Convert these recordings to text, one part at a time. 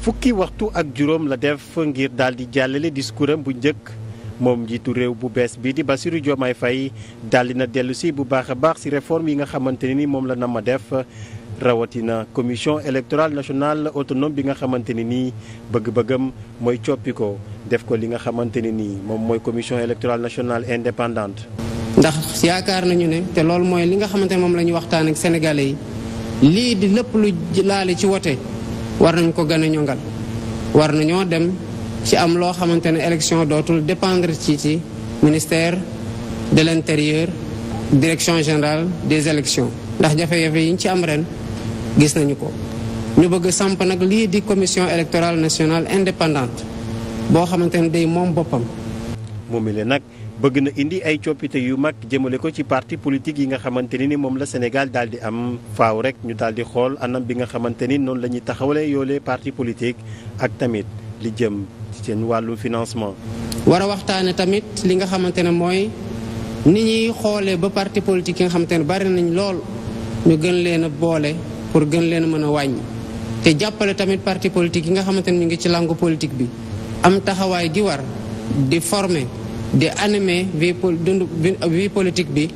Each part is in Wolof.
fukki waxtu ak juróom la def ngir daal di jàllale discours am bu njëkk moom njiitu réew bu bees bi di Bassirou Diomaye fay daldi na dellu si bu baax a baax si réforme yi nga xamante ne ni moom la nama def rawatina commission électorale nationale autonome bi nga xamante ne nii bëgg-bëggam mooy coppi ko def ko li nga xamante ne nii moom mooy commission électorale nationale indépendante. ndax yaakaar nañu ne te loolu mooy li nga xamante ne moom la ñu waxtaan ak sénégalais yi lii di lépp lu laale ci wote. war nañ ko gën a ñongal war nañoo dem ci am loo xamante ne élection dootul dépendre ci ci ministère de l'intérieur direction générale des élections ndax jafe-jafe yi ñu ci am ren gis nañu ko ñu bëgg samp nag lii di commission électorale nationale indépendante boo xamante ne day moom boppam moom mi le nag bëgg na indi ay coppite yu mag jëmale ko ci parti politique yi nga xamante ni moom la Sénégal daal di am faaw rek ñu daal di xool anam bi nga xamante ni noonu la ñuy taxawalee yoolee parti politique ak tamit li jëm ci seen wàllu financement. war a waxtaane tamit li nga xamante ne mooy ni ñuy xoolee ba parti politique yi nga xamante ne bari nañ lool ñu gën leen a boole pour gën leen a mën a wàññi te jàppale tamit parti politique yi nga xamante ne ñu ngi ci langue politique bi am taxawaay gi war di former. di animer vie dund vie politique bi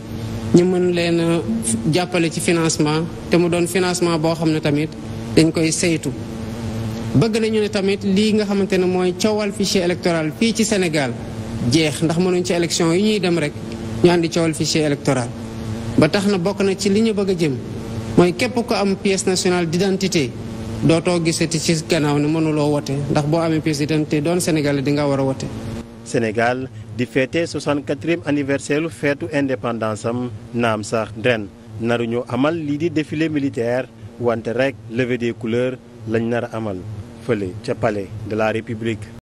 ñu mën leen jàppale ci financement te mu doon financement boo xam ne tamit dañ koy saytu. bëgg nañu ne tamit lii nga xamante ne mooy coowal fichier électoral fii ci Sénégal jeex ndax mënuñ ci élection yi ñuy dem rek ñu àndi coowal fichier électoral. ba tax na bokk na ci li ñu bëgg a jëm mooy képp ko am pièce nationale d'identité dootoo gisati ci gannaaw ne mënuloo wote ndax boo amee pièce doon Sénégalais di nga war a wote. Sénégal di féete 64e anniversaire lu feetu indépendance am naam sax ren ñoo amal lii di défilé militaire wante rek levée des couleurs lañ nar a amal fële ca palais de la république.